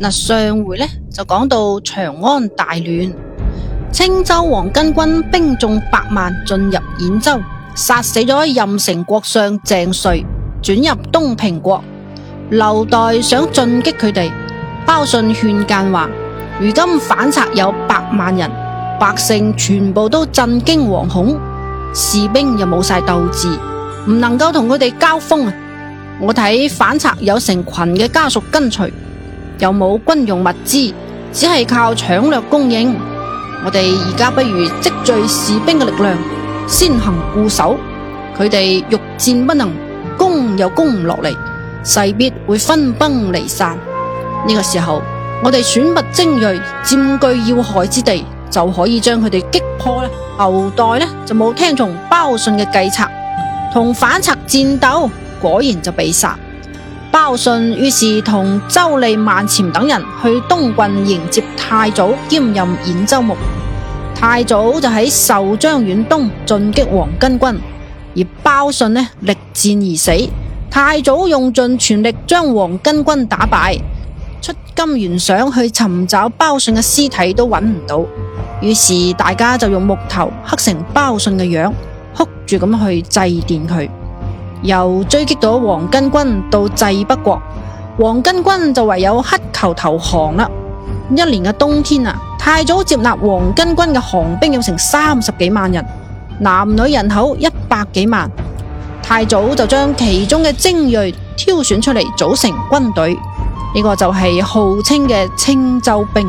嗱，上回呢，就講到長安大亂，青州黃巾軍兵眾百萬進入兗州，殺死咗任城國相鄭遂，轉入東平國。劉岱想進擊佢哋，包信勸諫話：如今反賊有百萬人，百姓全部都震驚惶恐，士兵又冇晒鬥志，唔能夠同佢哋交鋒啊！我睇反賊有成群嘅家屬跟隨。又冇軍用物資，只係靠搶掠供應。我哋而家不如積聚士兵嘅力量，先行固守。佢哋欲戰不能，攻又攻唔落嚟，勢必會分崩離散。呢個時候，我哋選拔精銳，佔據要害之地，就可以將佢哋擊破啦。后代呢，就冇聽從包信嘅計策，同反賊戰鬥，果然就被殺。包信於是同州吏萬潛等人去東郡迎接太祖，兼任兗州牧。太祖就喺壽張縣東進擊黃巾軍，而包信呢，力戰而死。太祖用盡全力將黃巾軍打敗，出金元想去尋找包信嘅屍體都揾唔到，於是大家就用木頭刻成包信嘅樣，哭住咁去祭奠佢。由追擊到黃巾軍到濟北國，黃巾軍就唯有乞求投降啦。一年嘅冬天啊，太祖接納黃巾軍嘅降兵有成三十幾萬人，男女人口一百幾萬，太祖就將其中嘅精銳挑選出嚟組成軍隊，呢個就係號稱嘅青州兵。